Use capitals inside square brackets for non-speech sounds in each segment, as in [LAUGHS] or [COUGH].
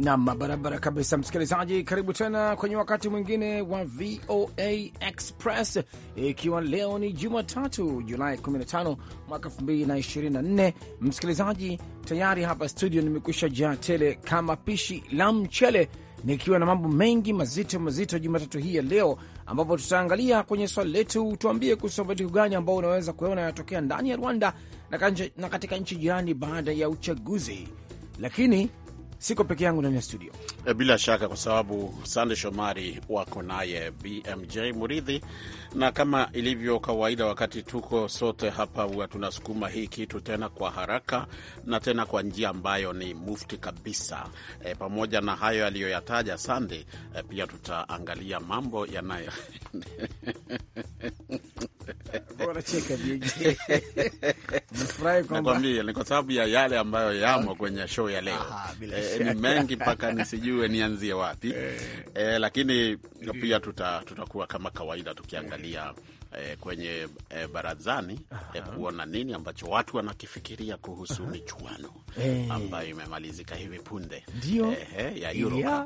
Nam, barabara kabisa, msikilizaji, karibu tena kwenye wakati mwingine wa VOA Express, ikiwa leo ni Jumatatu Julai 15 mwaka 2024. Msikilizaji, tayari hapa studio nimekwisha jaa tele kama pishi la mchele, nikiwa na mambo mengi mazito mazito Jumatatu hii ya leo, ambapo tutaangalia kwenye swali letu, tuambie kuhusu mabadiliko gani ambao unaweza kuona yanatokea ndani ya Rwanda na katika nchi jirani baada ya uchaguzi, lakini siko peke yangu ndani ya studio eh, bila shaka, kwa sababu Sande Shomari wako naye BMJ Muridhi, na kama ilivyo kawaida, wakati tuko sote hapa, huwa tunasukuma hii kitu tena kwa haraka na tena kwa njia ambayo ni mufti kabisa. E, pamoja na hayo aliyoyataja Sande, e, pia tutaangalia mambo yanayo [LAUGHS] wanacheka [LAUGHS] kwamba nakwambia ni kwa sababu ya yale ambayo yamo kwenye show ya leo. E, ni mengi mpaka nisijue nianzie wapi. E, lakini pia tuta, tutakuwa kama kawaida tukiangalia eh, kwenye eh, barazani eh, kuona nini ambacho watu wanakifikiria kuhusu michuano eh. ambayo imemalizika hivi punde eh, ya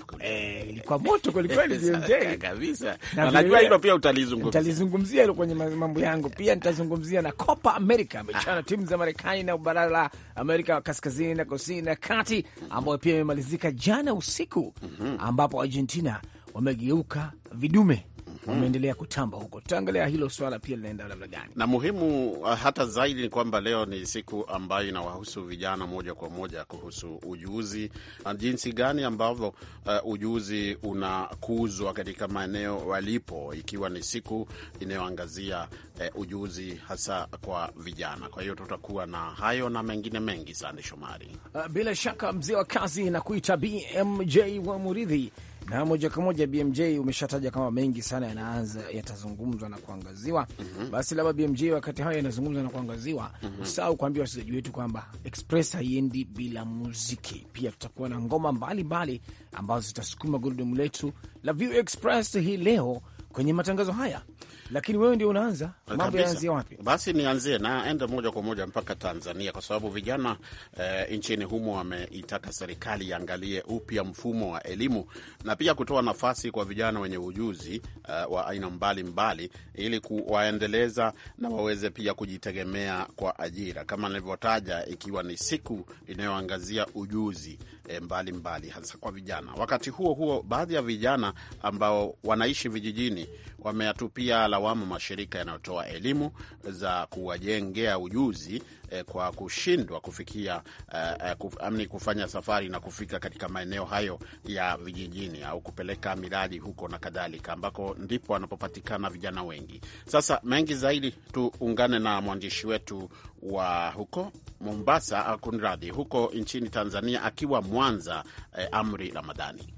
moto kwelikweli [LAUGHS] kabisa. najua hilo pia utalizungumzia, utalizungumzia hilo kwenye mambo yangu pia nitazungumzia na Copa America, michuano timu za Marekani na bara la Amerika kaskazini na kusini na kati ambayo pia imemalizika jana usiku, mhm. ambapo Argentina wamegeuka vidume Mm. wameendelea kutamba huko. Tutaangalia hilo swala pia linaenda namna gani, na muhimu uh, hata zaidi ni kwamba leo ni siku ambayo inawahusu vijana moja kwa moja kuhusu ujuzi, jinsi gani ambavyo uh, ujuzi unakuzwa katika maeneo walipo, ikiwa ni siku inayoangazia uh, ujuzi hasa kwa vijana. Kwa hiyo tutakuwa na hayo na mengine mengi sana, Shomari. Uh, bila shaka mzee wa kazi na kuita BMJ wa Muridhi na moja kwa moja BMJ umeshataja kama mengi sana yanaanza yatazungumzwa na kuangaziwa. mm -hmm. Basi labda BMJ, wakati hayo yanazungumzwa na kuangaziwa, mm -hmm. usahau kuambia wachezaji wetu kwamba Express haiendi bila muziki. Pia tutakuwa na ngoma mbalimbali ambazo zitasukuma gurudumu letu la View Express hii leo kwenye matangazo haya lakini wewe ndio unaanza. Mambo yaanzia wapi? Basi nianzie naende moja kwa moja mpaka Tanzania, kwa sababu vijana eh, nchini humo wameitaka serikali iangalie upya mfumo wa elimu na pia kutoa nafasi kwa vijana wenye ujuzi eh, wa aina mbalimbali ili kuwaendeleza na waweze pia kujitegemea kwa ajira, kama nilivyotaja, ikiwa ni siku inayoangazia ujuzi eh, mbalimbali mbali, hasa kwa vijana. Wakati huo huo, baadhi ya vijana ambao wanaishi vijijini wameyatupia yanalawama mashirika yanayotoa elimu za kuwajengea ujuzi eh, kwa kushindwa kufikia eh, eh kuf, amni kufanya safari na kufika katika maeneo hayo ya vijijini au kupeleka miradi huko na kadhalika, ambako ndipo wanapopatikana vijana wengi. Sasa mengi zaidi, tuungane na mwandishi wetu wa huko Mombasa, akunradhi, huko nchini Tanzania, akiwa Mwanza, eh, Amri Ramadhani.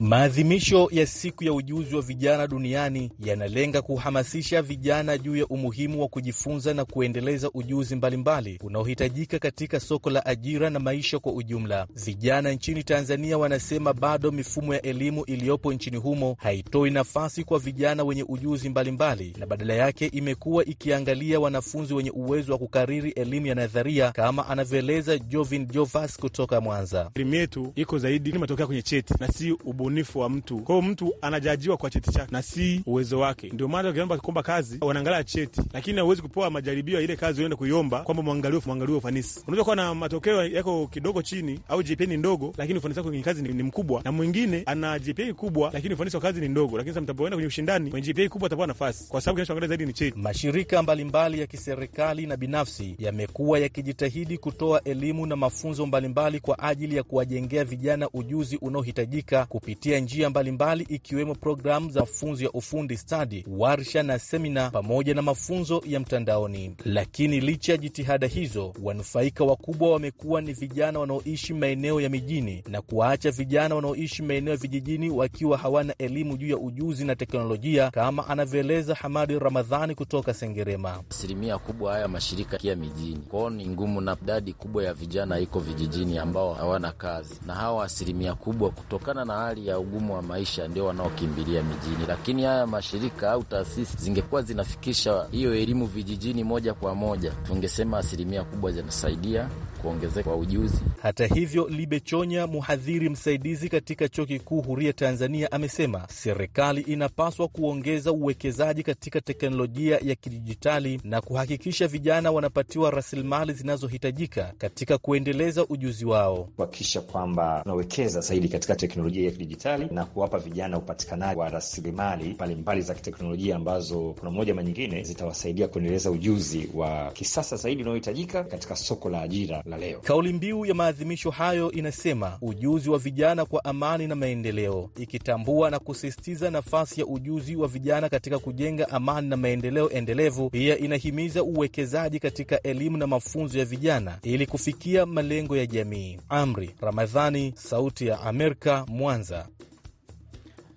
Maadhimisho ya siku ya ujuzi wa vijana duniani yanalenga kuhamasisha vijana juu ya umuhimu wa kujifunza na kuendeleza ujuzi mbalimbali unaohitajika katika soko la ajira na maisha kwa ujumla. Vijana nchini Tanzania wanasema bado mifumo ya elimu iliyopo nchini humo haitoi nafasi kwa vijana wenye ujuzi mbalimbali mbali, na badala yake imekuwa ikiangalia wanafunzi wenye uwezo wa kukariri elimu ya nadharia kama anavyoeleza Jovin Jovas kutoka Mwanza. Elimu yetu iko zaidi matokeo kwenye cheti na si ubu ubunifu wa mtu. Kwa hiyo mtu anajajiwa kwa cheti chake na si uwezo wake. Ndio maana ukiomba kuomba kazi wanaangalia cheti, lakini hauwezi kupewa majaribio ya ile kazi uende kuiomba kwamba mwangalie mwangalie ufanisi. Unaweza kuwa na matokeo yako kidogo chini au GPA ni ndogo, lakini ufanisi wako kwenye kazi ni, ni mkubwa, na mwingine ana GPA kubwa, lakini ufanisi wa kazi ni ndogo. Lakini sasa mtapoenda kwenye ushindani, mwenye GPA kubwa atapewa nafasi, kwa sababu kinachoangalia zaidi ni cheti. Mashirika mbalimbali ya kiserikali na binafsi yamekuwa yakijitahidi kutoa elimu na mafunzo mbalimbali mbali kwa ajili ya kuwajengea vijana ujuzi unaohitajika kupitia kupitia njia mbalimbali mbali ikiwemo programu za mafunzo ya ufundi stadi, warsha na semina pamoja na mafunzo ya mtandaoni. Lakini licha ya jitihada hizo, wanufaika wakubwa wamekuwa ni vijana wanaoishi maeneo ya mijini na kuwaacha vijana wanaoishi maeneo ya vijijini wakiwa hawana elimu juu ya ujuzi na teknolojia, kama anavyoeleza Hamadi Ramadhani kutoka Sengerema. Asilimia kubwa haya mashirika ya mijini kwao ni ngumu, na idadi kubwa ya vijana iko vijijini ambao hawana kazi, na hawa asilimia kubwa kutokana na hali ya ugumu wa maisha ndio wanaokimbilia mijini, lakini haya mashirika au taasisi zingekuwa zinafikisha hiyo elimu vijijini moja kwa moja, tungesema asilimia kubwa zinasaidia kuongezeka kwa ujuzi. Hata hivyo, Libechonya, mhadhiri msaidizi katika Chuo Kikuu Huria Tanzania, amesema serikali inapaswa kuongeza uwekezaji katika teknolojia ya kidijitali na kuhakikisha vijana wanapatiwa rasilimali zinazohitajika katika kuendeleza ujuzi wao, kuhakikisha kwamba tunawekeza zaidi katika teknolojia ya kidijitali na kuwapa vijana upatikanaji wa rasilimali mbalimbali za kiteknolojia ambazo kuna moja manyingine nyingine zitawasaidia kuendeleza ujuzi wa kisasa zaidi unaohitajika katika soko la ajira na leo. Kauli mbiu ya maadhimisho hayo inasema ujuzi wa vijana kwa amani na maendeleo, ikitambua na kusisitiza nafasi ya ujuzi wa vijana katika kujenga amani na maendeleo endelevu. Pia inahimiza uwekezaji katika elimu na mafunzo ya vijana ili kufikia malengo ya jamii. Amri Ramadhani, Sauti ya Amerika, Mwanza.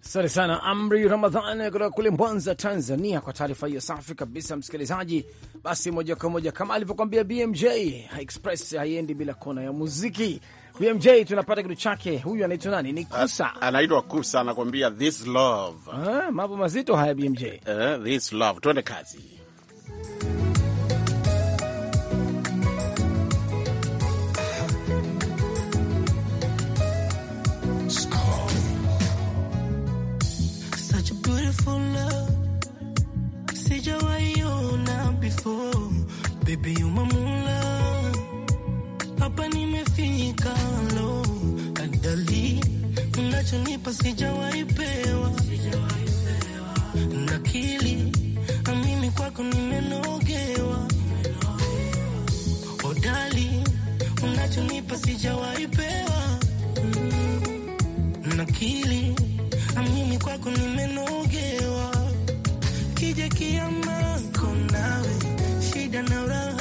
Asante sana Amri Ramadhan kutoka kule Mwanza, Tanzania, kwa taarifa hiyo safi kabisa, msikilizaji. Basi moja kwa moja kama alivyokwambia BMJ Express haiendi bila kona ya muziki. BMJ tunapata kitu chake. Huyu anaitwa nani? Ni Kusa, anaitwa Kusa, anakuambia this love. Ah, mambo mazito haya BMJ. Uh, eh, this love, tuende kazi. beautiful love sijawaiona before baby umamula hapa nimefika lo adali mnachonipa sijawaipewa nakili amimi kwako nimenogewa odali mnachonipa sijawaipewa nakili yako nimenogewa, kija kiamako nawe shida na raha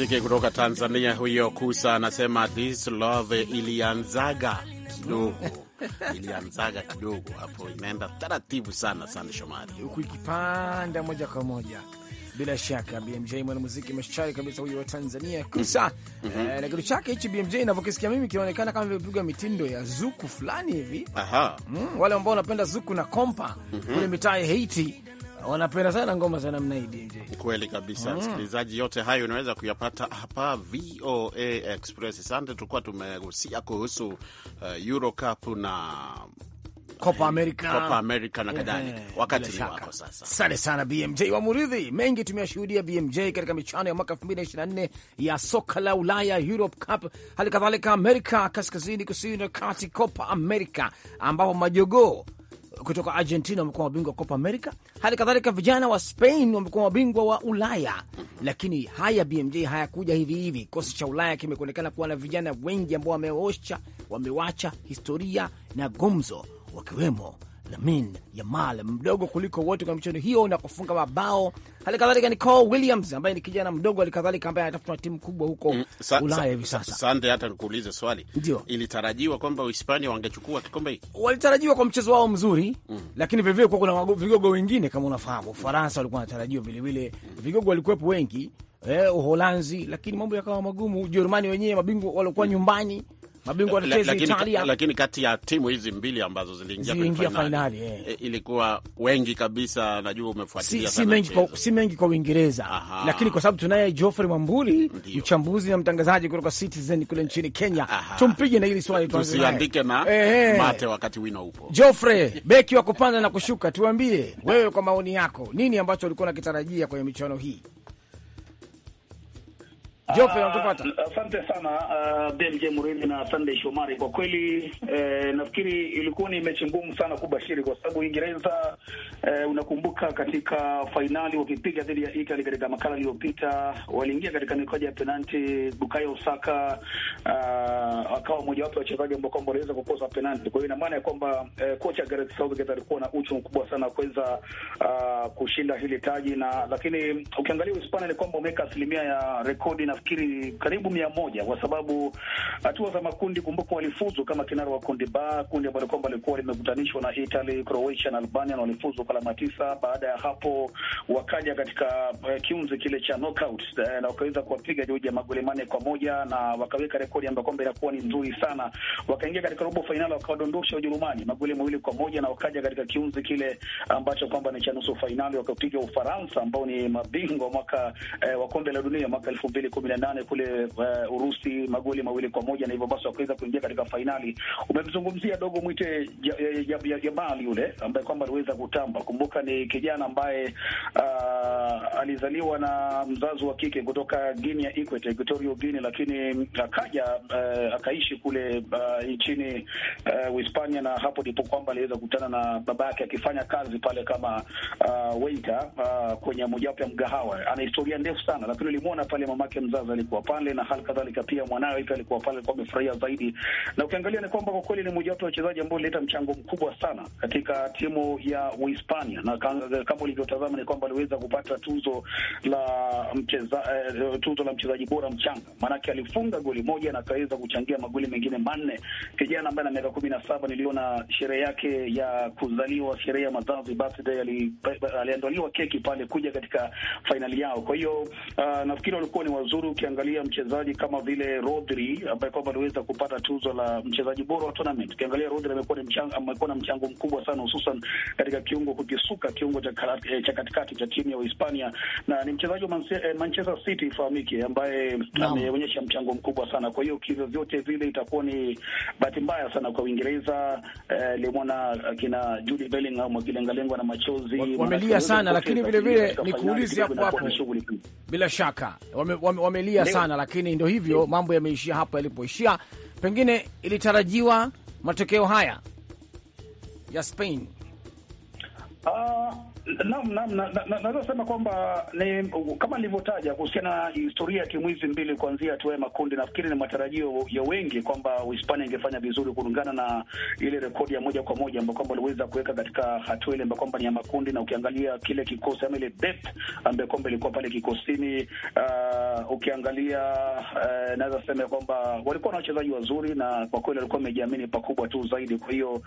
muziki kutoka Tanzania huyo Kusa anasema this love ilianzaga kidogo [LAUGHS] ilianzaga kidogo hapo, inaenda taratibu sana sana, Shomari, huku ikipanda moja kwa moja. Bila shaka BMJ mwanamuziki mashari kabisa huyo wa Tanzania Kusa mm -hmm. Eh, na kitu chake hichi BMJ inavyokisikia mimi kinaonekana kama vimepiga mitindo ya zuku fulani hivi mm, wale ambao wanapenda zuku na kompa mm-hmm. kule mm -hmm. mitaa ya Haiti wanapenda sana ngoma za namna hii DJ. Kweli kabisa, mm. msikilizaji, yote hayo unaweza kuyapata hapa VOA Express. Asante, tulikuwa tumehusia kuhusu uh, Euro Cup na Copa America, Copa America na kadhalika. Eh, Wakati ni wako sasa. Asante sana BMJ wa Muridhi. Mengi tumeyashuhudia BMJ katika michuano ya mwaka 2024 ya soka la Ulaya Europe Cup, hali kadhalika Amerika kaskazini, kusini na kati, Copa America ambapo majogoo kutoka Argentina wamekuwa mabingwa wa Copa America, hali kadhalika vijana wa Spain wamekuwa mabingwa wa Ulaya. Lakini haya BMJ hayakuja hivi hivi. Kikosi cha Ulaya kimekuonekana kuwa na vijana wengi ambao wameosha, wamewacha historia na gumzo, wakiwemo Lamin Yamal mdogo kuliko wote kwenye michuano hiyo na kufunga mabao. Hali kadhalika ni Cole Williams ambaye ni kijana mdogo, hali kadhalika ambaye anatafuta timu kubwa huko mm, sa, Ulaya hivi sasa. Sande, hata nikuulize swali. Ndio. Ilitarajiwa kwamba Uhispania wangechukua kikombe hiki. Walitarajiwa kwa mchezo wao mzuri mm, lakini vilevile kuwa kuna vigogo wengine kama unafahamu, Ufaransa walikuwa wanatarajiwa vilevile, mm. vigogo walikuwepo wengi eh, Uholanzi, lakini mambo yakawa magumu. Ujerumani wenyewe mabingwa walikuwa mm. nyumbani mabingwa watetezi Italia. Lakini kati ya timu hizi mbili ambazo ziliingia kwenye fainali yeah, ilikuwa wengi kabisa, najua umefuatilia si, sana si, mengi kwa Uingereza. si, Lakini kwa sababu tunaye Geoffrey Mwambuli, mchambuzi na mtangazaji kutoka Citizen kule nchini Kenya, tumpige na hili swali, tusiandike na eh, mate wakati wino upo. Geoffrey, beki wa kupanda na kushuka, tuambie wewe, kwa maoni yako, nini ambacho ulikuwa unakitarajia kwenye michuano hii? Jofe, unatupata? Ah, asante uh, sana uh, ah, BMJ Muridhi na Sunday Shomari. Kwa kweli eh, nafikiri ilikuwa ni mechi ngumu sana kubashiri, kwa sababu Uingereza eh, unakumbuka katika fainali wakipiga dhidi ya Italy katika makala iliyopita, waliingia katika mikoja ya penalti. Bukayo Saka uh, akawa mmojawapo wa wachezaji ambao kwamba waliweza kukosa penalti. Kwa hiyo ina maana ya kwamba eh, kocha Gareth Southgate alikuwa na uchu mkubwa sana kuweza uh, kushinda hili taji, na lakini ukiangalia Uhispania ni kwamba umeweka asilimia ya rekodi na nafikiri karibu mia moja kwa sababu hatua za makundi, kumbuka, walifuzu kama kinara wa kundi ba kundi ambalo kwamba lilikuwa limekutanishwa na Italy, Croatia na Albania, na walifuzu kwa alama tisa. Baada ya hapo wakaja katika uh, kiunzi kile cha knockout uh, na wakaweza kuwapiga Georgia ya magoli manne kwa moja na wakaweka rekodi ambayo kwamba inakuwa ni nzuri sana. Wakaingia katika robo fainali wakawadondosha Ujerumani magoli mawili kwa moja na wakaja katika kiunzi kile ambacho kwamba ni cha nusu fainali wakapiga Ufaransa ambao ni mabingwa mwaka eh, wa kombe la dunia mwaka elfu mbili kumi na nane kule uh, Urusi magoli mawili kwa moja na hivyo basi wakaweza kuingia katika fainali. Umemzungumzia dogo mwite Jabali ja, eh, yule ambaye kwamba aliweza kutamba. Kumbuka ni kijana ambaye uh, alizaliwa na mzazi wa kike kutoka Guinea ya Equator, Equatorial Guinea, lakini akaja uh, akaishi kule uh, nchini uh, Hispania, na hapo ndipo kwamba aliweza kukutana na baba yake akifanya kazi pale kama uh, waiter uh, kwenye mojawapo ya mgahawa. Ana historia ndefu sana, lakini ulimwona pale mamake mzazi Diaz alikuwa pale na hali kadhalika pia mwanawe pia alikuwa pale, alikuwa amefurahia zaidi. Na ukiangalia ni kwamba kwa kweli ni mojawapo ya wachezaji ambao alileta mchango mkubwa sana katika timu ya Uhispania, na kama ulivyotazama ni kwamba aliweza kupata tuzo la mcheza, eh, tuzo la mchezaji bora mchanga, maanake alifunga goli moja na akaweza kuchangia magoli mengine manne. Kijana ambaye ana miaka kumi na saba, niliona sherehe yake ya kuzaliwa, sherehe ya mazazi birthday, aliandaliwa keki pale kuja katika fainali yao. Kwa hiyo uh, nafikiri walikuwa ni wazuri ukiangalia mchezaji kama vile Rodri ambaye kwamba aliweza kupata tuzo la mchezaji bora wa tournament, ukiangalia Rodri amekuwa na mchango, amekuwa na mchango mkubwa sana, hususan katika kiungo kukisuka kiungo cha eh, cha katikati cha timu ya Uhispania, na ni mchezaji wa eh, Manchester City ifahamike, ambaye ameonyesha mchango mkubwa sana. Kwa hiyo kivyo vyote vile itakuwa ni bahati mbaya sana kwa Uingereza. Eh, limwona akina eh, Jude Bellingham wakilengwa na machozi wamelia sana, lakini vile vile nikuulize hapo hapo, bila shaka wame, wame, wame, wamelia sana, lakini ndio hivyo, mambo yameishia hapo yalipoishia. Pengine ilitarajiwa matokeo haya ya Spain. Uh, Naam, naam, naweza sema kwamba ni kama nilivyotaja kuhusiana na historia ya timu hizi mbili kuanzia hatua ya makundi. Nafikiri ni matarajio ya wengi kwamba Uhispania ingefanya vizuri kulingana na ile rekodi ya moja kwa moja ambayo kwamba waliweza kuweka katika hatua ile ambayo kwamba ni ya makundi, na ukiangalia kile kikosi ama ile depth ambayo kwamba ilikuwa pale kikosini, uh, ukiangalia uh, naweza sema kwamba walikuwa na wachezaji wazuri, na kwa kweli walikuwa wamejiamini pakubwa tu zaidi. Kwa hiyo uh,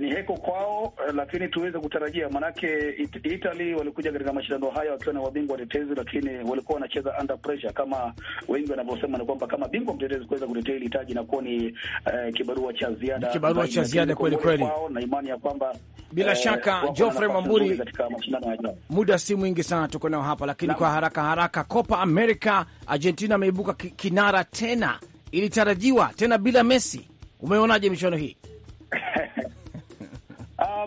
ni heko kwao, uh, lakini tuweze kutarajia manake it, Italy walikuja katika mashindano haya wakiwa na wabingwa watetezi, lakini walikuwa wanacheza under pressure kama wengi wanavyosema, ni kwamba kama bingwa mtetezi kuweza kutetea hili taji kuwa ni eh, kibarua cha ziada, kibarua cha ziada kweli kweli, na imani ya kwamba bila eh, shaka Geoffrey Mwamburi, muda si mwingi sana tuko nao hapa, lakini na, kwa haraka haraka, Copa America Argentina ameibuka kinara tena, ilitarajiwa tena bila Messi. Umeonaje michuano hii? [LAUGHS]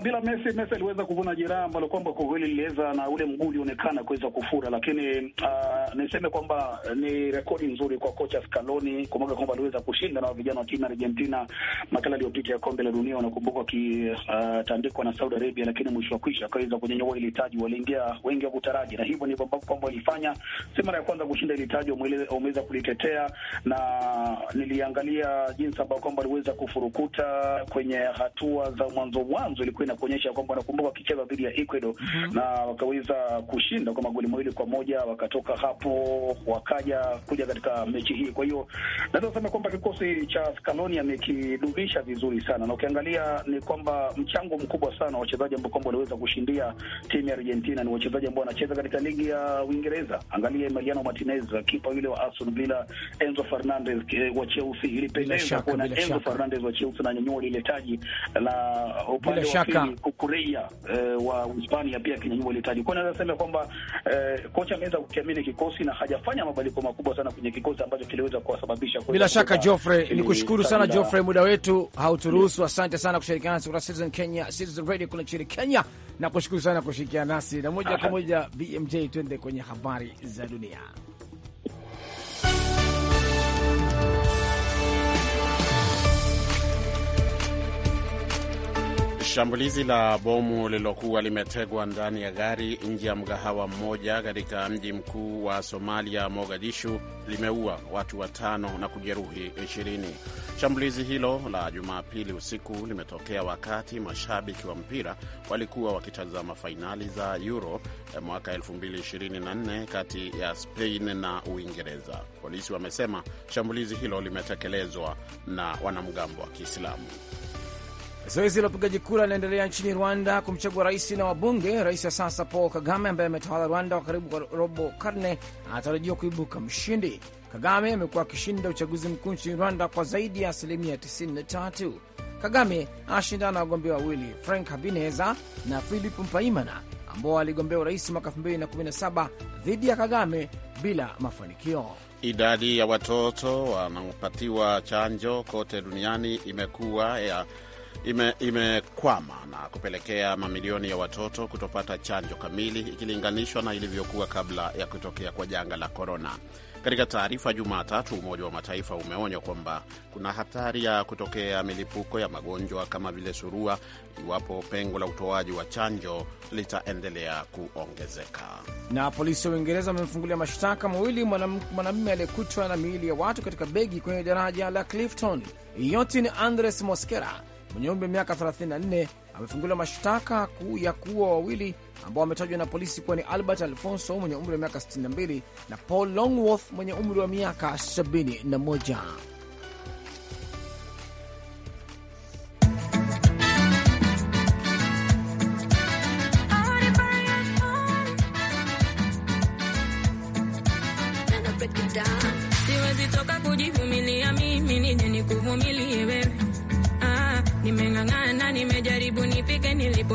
bila Messi, Messi aliweza kuvuna jeraha ambalo kwamba kwa kweli liliweza na ule mguu ulionekana kuweza kufura, lakini uh, niseme kwamba eh, ni rekodi nzuri kwa kocha Scaloni kumbuka kwamba aliweza kushinda na vijana wa timu ya Argentina makala aliyopita ya kombe la dunia, wanakumbuka wakitandikwa ah, uh, na Saudi Arabia, lakini mwisho wa kwisha akaweza kunyanyua ile taji, waliingia wengi wa kutaraji, na hivyo ndivyo ambavyo kwamba walifanya. Si mara ya kwanza kushinda ile taji, wameweza kulitetea, na niliangalia jinsi ambavyo kwamba aliweza kufurukuta kwenye hatua za mwanzo mwanzo ilikuwa na kuonyesha kwamba wanakumbuka wakicheza dhidi ya Ecuador mm -hmm. na wakaweza kushinda kwa magoli mawili kwa moja, wakatoka hapo wakaja kuja katika mechi hii. Kwa hiyo naweza kusema kwamba kikosi cha Scaloni amekidumisha vizuri sana, na ukiangalia ni kwamba mchango mkubwa sana wa wachezaji ambao kwamba waliweza kushindia timu ya Argentina ni wachezaji ambao wanacheza katika ligi ya Uingereza. Angalia Emiliano Martinez, kipa yule wa Aston Villa, Enzo Fernandez eh, wa Chelsea. Ilipendeza kuona Enzo Fernandez wa Chelsea na nyanyua ile taji la upande wa Kukureia uh, wa Hispania pia kinyanyua ile taji. Kwa naweza sema kwamba uh, kocha ameweza kukiamini kikosi na hajafanya mabadiliko makubwa sana kwenye kikosi ambacho kiliweza kuwasababisha. Bila shaka Geoffrey, nikushukuru sana Geoffrey, muda wetu hauturuhusu. Asante sana kushirikiana nasi kutoka Citizen Kenya, Citizen Radio kule nchini Kenya, na kushukuru sana kushirikiana nasi na moja kwa moja BMJ, twende kwenye habari za dunia. Shambulizi la bomu lililokuwa limetegwa ndani ya gari nje ya mgahawa mmoja katika mji mkuu wa Somalia, Mogadishu, limeua watu watano na kujeruhi ishirini. Shambulizi hilo la Jumapili usiku limetokea wakati mashabiki wa mpira walikuwa wakitazama fainali za Euro eh, mwaka 2024 kati ya Spain na Uingereza. Polisi wamesema shambulizi hilo limetekelezwa na wanamgambo wa Kiislamu. Zoezi la upigaji kura linaendelea nchini Rwanda kumchagua rais na wabunge. Rais wa sasa Paul Kagame, ambaye ametawala Rwanda kwa karibu robo karne, anatarajiwa kuibuka mshindi. Kagame amekuwa akishinda uchaguzi mkuu nchini Rwanda kwa zaidi ya asilimia 93. Kagame anashindana na wagombea wawili Frank Habineza na Philip Mpaimana ambao aligombea urais mwaka 2017 dhidi ya Kagame bila mafanikio. Idadi ya watoto wanaopatiwa chanjo kote duniani imekuwa ya imekwama ime na kupelekea mamilioni ya watoto kutopata chanjo kamili ikilinganishwa na ilivyokuwa kabla ya kutokea kwa janga la korona. Katika taarifa Jumatatu, Umoja wa Mataifa umeonywa kwamba kuna hatari ya kutokea milipuko ya magonjwa kama vile surua iwapo pengo la utoaji wa chanjo litaendelea kuongezeka. Na polisi wa Uingereza wamemfungulia mashtaka mawili mwanamume aliyekutwa na miili ya watu katika begi kwenye daraja la Clifton. Yote ni Andres Mosquera mwenye umri wa miaka 34 amefunguliwa mashtaka kuu ya kuwa wawili ambao wametajwa na polisi kuwa ni Albert Alfonso mwenye umri wa miaka 62 na Paul Longworth mwenye umri wa miaka 71.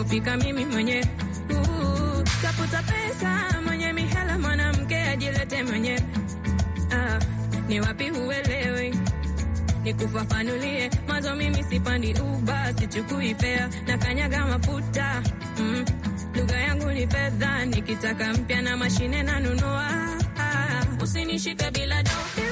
kufika mimi mwenyewe, tafuta pesa mwenye mihela, mwanamke ajilete mwenyewe. Ah, ni wapi huelewi? Nikufafanulie mazo, mimi sipandi uba sichukui fea na kanyaga mafuta mm. Lugha yangu ni fedha, nikitaka mpya na mashine nanunua. Ah, usinishike bila doa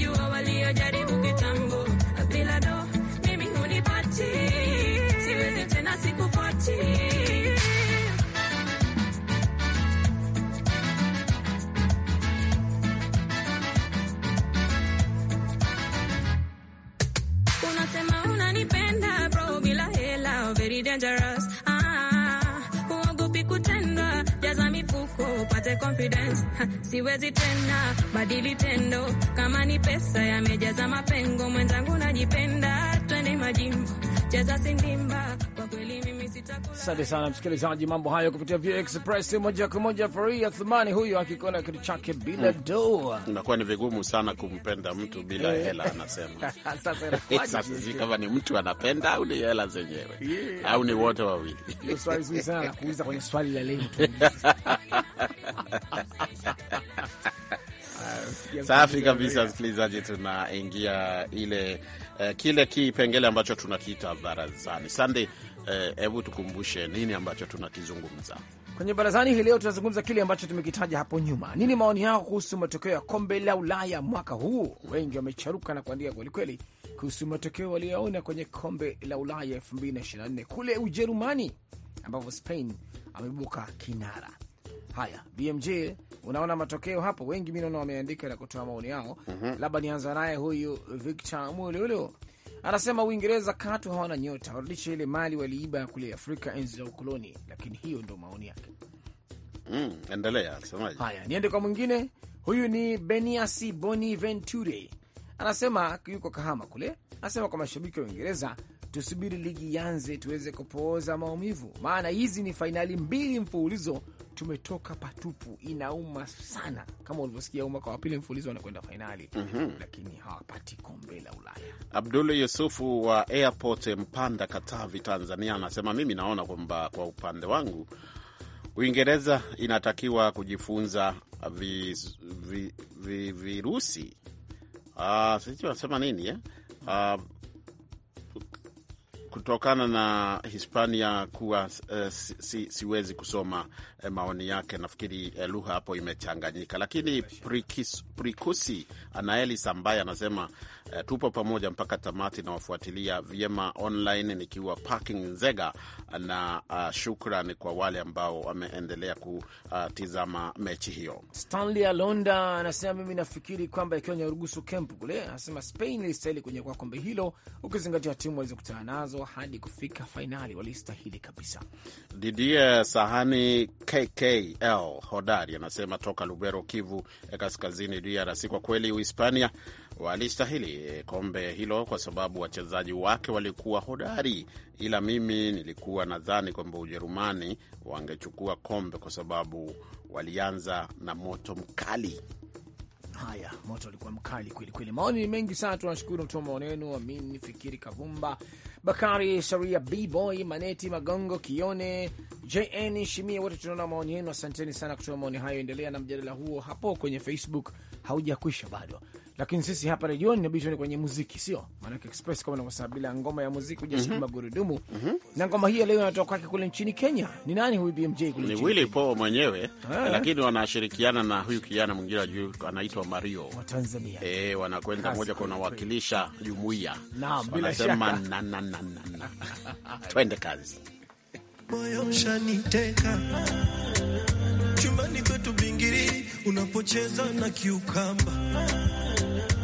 you always [LAUGHS] siwezi tena badili tendo, kama ni pesa yamejaza mapengo, mwenzangu najipenda, twende majimbo, cheza sindimba Asante sana msikilizaji, mambo hayo kupitia Vio Express moja kwa moja. Faria Thumani huyo akikona kitu chake bila hmm, doa. Inakuwa ni vigumu sana kumpenda mtu bila eh. hela, anasema [LAUGHS] sasa [LAUGHS] kama ni mtu anapenda au ni hela zenyewe yeah, au ni wote wawili. Hiyo swali zuri sana kuuliza kwenye swali la leo tu Safi kabisa, msikilizaji, tunaingia ile eh, kile kipengele ambacho tunakiita barazani. Sande, eh, hebu eh, tukumbushe nini ambacho tunakizungumza kwenye barazani hii leo. Tunazungumza kile ambacho tumekitaja hapo nyuma. Nini maoni yako kuhusu matokeo ya kombe la Ulaya mwaka huu? Wengi wamecharuka na kuandika kwelikweli kuhusu matokeo waliyoona kwenye kombe la Ulaya 2024 kule Ujerumani, ambapo Spain ameibuka kinara. Haya, BMJ, unaona matokeo hapo, wengi mi naona wameandika na kutoa maoni yao. mm -hmm. Labda nianza naye huyu Victor Mwilulu anasema Uingereza katu hawana nyota, warudishe ile mali waliiba kule Afrika enzi za ukoloni. Lakini hiyo ndo maoni yake. Mm, endelea. Haya, niende kwa mwingine. Huyu ni Beniasi Boni Venture, anasema yuko Kahama kule, anasema kwa mashabiki wa Uingereza tusubiri ligi ianze tuweze kupooza maumivu, maana hizi ni fainali mbili mfululizo tumetoka patupu. Inauma sana, kama ulivyosikia uma kwa wapili mfululizo wanakwenda fainali mm -hmm. lakini hawapati kombe la Ulaya. Abdul Yusufu wa Airport Mpanda, Katavi, Tanzania anasema mimi naona kwamba kwa upande wangu Uingereza inatakiwa kujifunza vi, vi, vi, virusi uh, sijui wanasema nini eh? Uh, kutokana na Hispania kuwa eh, si, siwezi kusoma eh, maoni yake. Nafikiri eh, lugha hapo imechanganyika, lakini Prikusi Anaelis ambaye anasema eh, tupo pamoja mpaka tamati nawafuatilia vyema online nikiwa parking Nzega, na uh, eh, shukran kwa wale ambao wameendelea kutizama mechi hiyo. Stanley Alonda anasema mimi nafikiri kwamba ikiwa Nyarugusu kempu kule, anasema Spain ilistahili kwenye kwa kombe hilo ukizingatia timu walizokutana nazo mchezo hadi kufika fainali walistahili kabisa. Didia Sahani KKL Hodari anasema toka Lubero, Kivu Kaskazini, DRC, kwa kweli Uhispania walistahili kombe hilo kwa sababu wachezaji wake walikuwa hodari, ila mimi nilikuwa nadhani kwamba Ujerumani wangechukua kombe kwa sababu walianza na moto mkali. Haya, moto ulikuwa mkali kwelikweli. Maoni ni mengi sana, tunashukuru mtoa maoni wenu. Amin Fikiri Kavumba, Bakari Sharia, Bboy Maneti, Magongo Kione, JN Shimia, wote tunaona maoni yenu. Asanteni sana kutoa maoni hayo. Endelea na mjadala huo hapo kwenye Facebook, haujakwisha bado lakini sisi hapa rejioni inabidi tuende kwenye muziki, sio maanake express kama navyosema, bila ngoma ya muziki hujasukuma mhm. mm -hmm. gurudumu mm -hmm. na ngoma hii leo inatoka kwake kule nchini Kenya. Ni nani huyu BMJ? Kule ni Willy Paul mwenyewe ha, eh. lakini wanashirikiana na huyu kijana mwingine ajui anaitwa Mario wa Tanzania. Eh, wanakwenda moja kwa unawakilisha jumuiya. Naam, bila shaka na, na, na, na. [LAUGHS] twende kazi moyo shaniteka chumbani kwetu bingiri unapocheza na kiukamba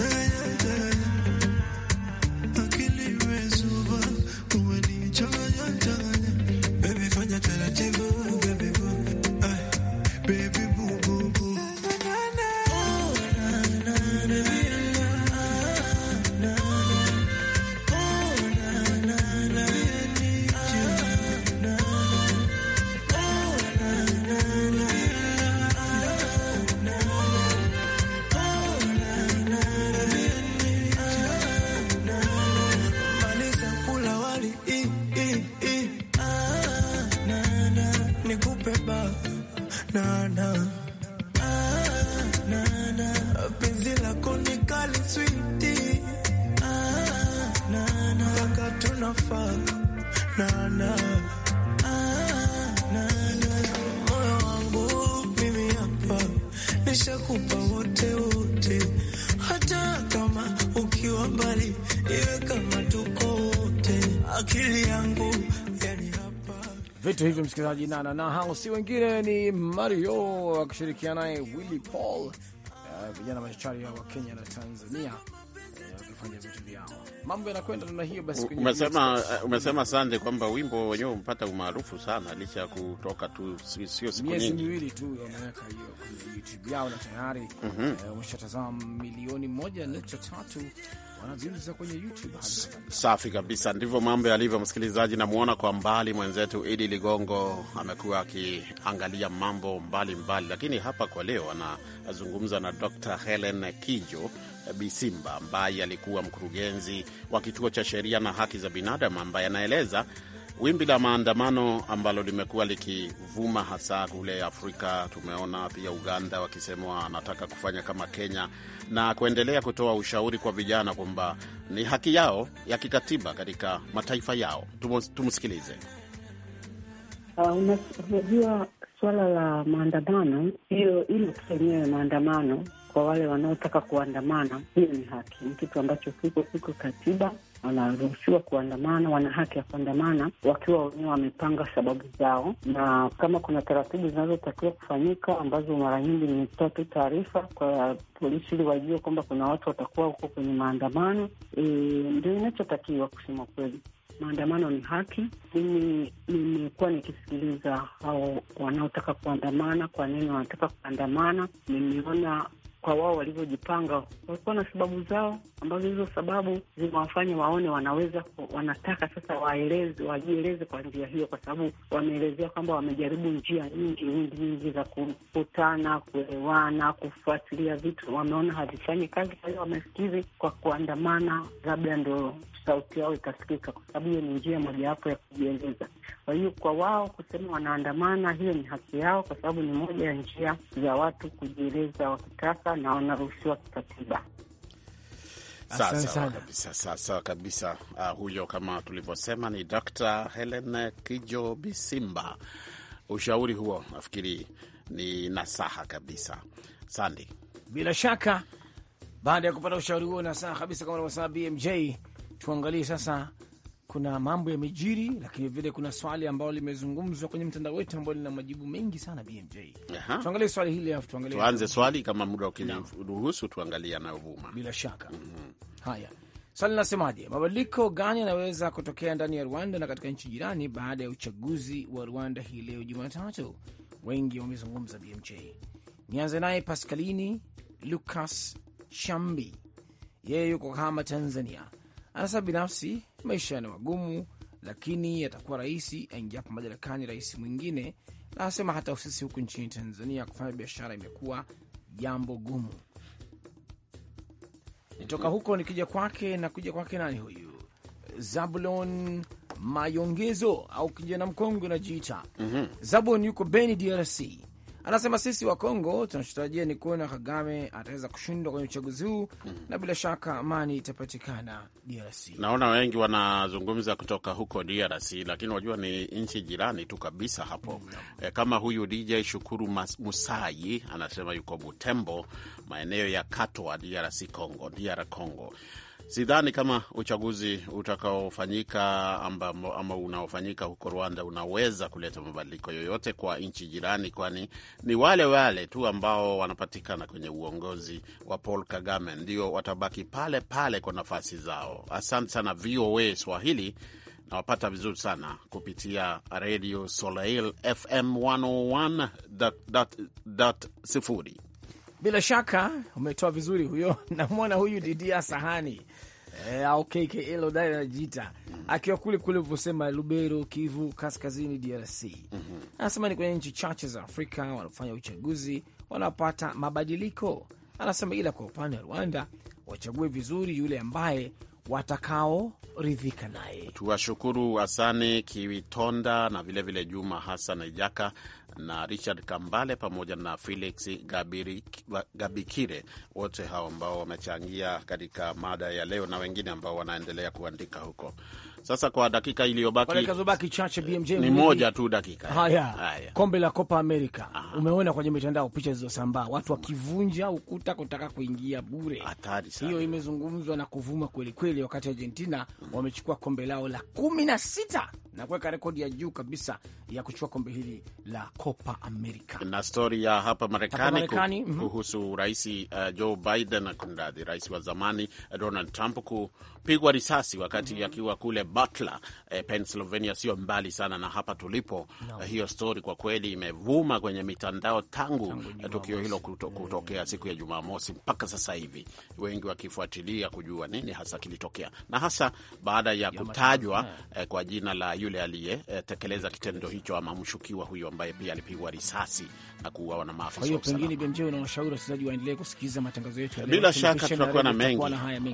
yeah, yeah, vitu hivyo msikilizaji, na na hao si wengine ni Mario akishirikiana naye Willy Paul, eh, vijana uh, machachari wa Kenya na Tanzania eh, wakifanya uh, vitu vyao, mambo yanakwenda namna hiyo. Basi umesema, eh, umesema sande kwamba wimbo wenyewe umepata umaarufu sana licha ya kutoka tu sio siku nyingi, miezi miwili tu wameweka hiyo kwenye YouTube yao na tayari umeshatazama mhm. milioni moja nukta tatu kwenye YouTube. Safi kabisa, ndivyo mambo yalivyo, msikilizaji. Namwona kwa mbali mwenzetu Idi Ligongo amekuwa akiangalia mambo mbalimbali mbali. Lakini hapa kwa leo anazungumza na Dr. Helen Kijo Bisimba ambaye alikuwa mkurugenzi wa kituo cha sheria na haki za binadamu ambaye anaeleza Wimbi la maandamano ambalo limekuwa likivuma hasa kule Afrika, tumeona pia Uganda wakisema wanataka kufanya kama Kenya na kuendelea kutoa ushauri kwa vijana kwamba ni haki yao ya kikatiba katika mataifa yao. Tumsikilize. Ah, unajua suala la maandamano hiyo, ili tusenyewe maandamano kwa wale wanaotaka kuandamana, hiyo ni haki, ni kitu ambacho kiko kiko katiba wanaruhusiwa kuandamana, wana haki ya kuandamana wakiwa wenyewe wamepanga sababu zao, na kama kuna taratibu zinazotakiwa kufanyika ambazo mara nyingi ni tu taarifa kwa polisi ili wajue kwamba kuna watu watakuwa huko kwenye maandamano. E, ndio inachotakiwa kusema kweli. Maandamano ni haki. Mimi nimekuwa nikisikiliza hao wanaotaka kuandamana, kwa nini wanataka kuandamana. Nimeona kwa wao walivyojipanga, walikuwa na sababu zao, ambazo hizo sababu zimewafanya waone wanaweza, wanataka sasa waeleze, wajieleze kwa njia hiyo, kwa sababu wameelezea kwamba wamejaribu njia nyingi nyingi nyingi za kukutana, kuelewana, kufuatilia vitu, wameona havifanyi kazi. Kwa hiyo wamefikiri kwa kuandamana, labda ndo sauti yao ikasikika, kwa sababu hiyo ni njia mojawapo ya kujieleza. Kwa hiyo kwa wao kusema wanaandamana, hiyo ni haki yao, kwa sababu ni moja ya njia za watu kujieleza wakitaka, na wanaruhusiwa kikatiba. Sawa kabisa, sawa sawa kabisa. Uh, huyo kama tulivyosema ni Dr. Helen Kijo Bisimba. Ushauri huo nafikiri ni nasaha kabisa, Sandi. Bila shaka baada ya kupata ushauri huo nasaha kabisa, kama unavyosema BMJ, tuangalie sasa kuna mambo yamejiri, lakini vile kuna swali ambalo limezungumzwa kwenye mtandao wetu ambao lina majibu mengi sana. BMJ, tuangalie swali hili alafu tuangalie, tuanze swali kama muda ukiniruhusu, tuangalie yanayovuma. Bila shaka mm -hmm. Haya, swali linasemaje? Mabadiliko gani yanaweza kutokea ndani ya Rwanda na katika nchi jirani baada ya uchaguzi wa Rwanda hii leo Jumatatu? Wengi wamezungumza. BMJ, nianze naye Paskalini Lucas Shambi, yeye yuko Kahama, Tanzania. Anasema binafsi maisha yana magumu, lakini yatakuwa rahisi aingiapo madarakani rais mwingine, na anasema hata sisi huku nchini Tanzania kufanya biashara imekuwa jambo gumu. Nitoka huko nikija kwake, na kuja kwake nani huyu Zabulon Mayongezo au kijana mkongwe najiita. mm -hmm. Zabon yuko Beni, DRC Anasema sisi wa Kongo tunachotarajia ni kuona Kagame ataweza kushindwa kwenye uchaguzi huu mm, na bila shaka amani itapatikana DRC. Naona wengi wanazungumza kutoka huko DRC, lakini wajua ni nchi jirani tu kabisa hapo mm. E, kama huyu DJ Shukuru Musayi anasema yuko Butembo, maeneo ya Katwa, DRC Congo, DR Congo. Sidhani kama uchaguzi utakaofanyika ama unaofanyika huko Rwanda unaweza kuleta mabadiliko yoyote kwa nchi jirani, kwani ni wale wale tu ambao wanapatikana kwenye uongozi wa Paul Kagame ndio watabaki pale pale kwa nafasi zao. Asante sana VOA Swahili, nawapata vizuri sana kupitia redio Soleil FM 101 sifuri. Bila shaka umetoa vizuri huyo. [LAUGHS] Namwona huyu Didia Sahani e, au KKL Odaira anajiita akiwa kule kule ulivyosema Lubero, Kivu Kaskazini, DRC. Mhm. Anasema ni kwenye nchi chache za Afrika wanafanya uchaguzi wanapata mabadiliko. Anasema ila kwa upande wa Rwanda wachague vizuri yule ambaye watakaoridhika naye. Tuwashukuru Hasani Kiwitonda na vilevile vile Juma Hasan Ijaka na Richard Kambale pamoja na Felix Gabikire, wote hao ambao wamechangia katika mada ya leo na wengine ambao wanaendelea kuandika huko. Sasa kwa dakika iliyobaki eh, ni moja tu dakika. Haya, kombe la Copa America umeona kwenye mitandao picha zilizosambaa watu wakivunja ukuta kutaka kuingia bure. Hiyo imezungumzwa na kuvuma kwelikweli, wakati Argentina mm. wamechukua kombe lao la kumi na sita na kuweka rekodi ya juu kabisa ya kuchukua kombe hili la Copa America. Na stori ya hapa Marekani mhm. kuhusu rais uh, Joe Biden, kumradhi, rais wa zamani uh, Donald Trump kupigwa risasi wakati mm -hmm. akiwa kule Butler, eh, Pennsylvania, sio mbali sana na hapa tulipo no. Uh, hiyo stori kwa kweli imevuma kwenye mitandao tangu, tangu tukio hilo kuto, kutokea siku ya Jumamosi mpaka sasa hivi, wengi wakifuatilia kujua nini hasa kilitokea, na hasa baada ya kutajwa eh, kwa jina la yule aliyetekeleza eh, kitendo hicho ama mshukiwa huyo ambaye pia alipigwa risasi na kuuawa na maafisa. Kwa hiyo pengine BMJ unawashauri wasikilizaji waendelee kusikiliza matangazo yetu. Bila shaka tutakuwa na mengi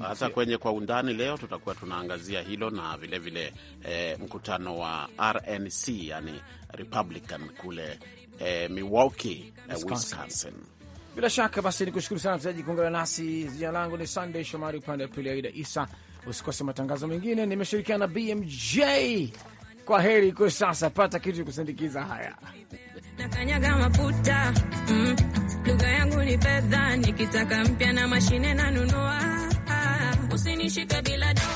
hasa kwenye kwa undani leo, tutakuwa tunaangazia hilo na vilevile vile, eh, mkutano wa RNC yani Republican kule eh, Milwaukee eh, Wisconsin. Bila shaka basi ni kushukuru sana mchezaji kuungana nasi. Jina langu ni Sunday Shomari, upande wa pili Aida Isa. Usikose matangazo mengine, nimeshirikiana na BMJ. Kwa heri kwa sasa, pata kitu kusindikiza haya nakanyaga mafuta mm. Lugha yangu ni fedha, nikitaka mpya na mashine nanunua, usinishike bila dawa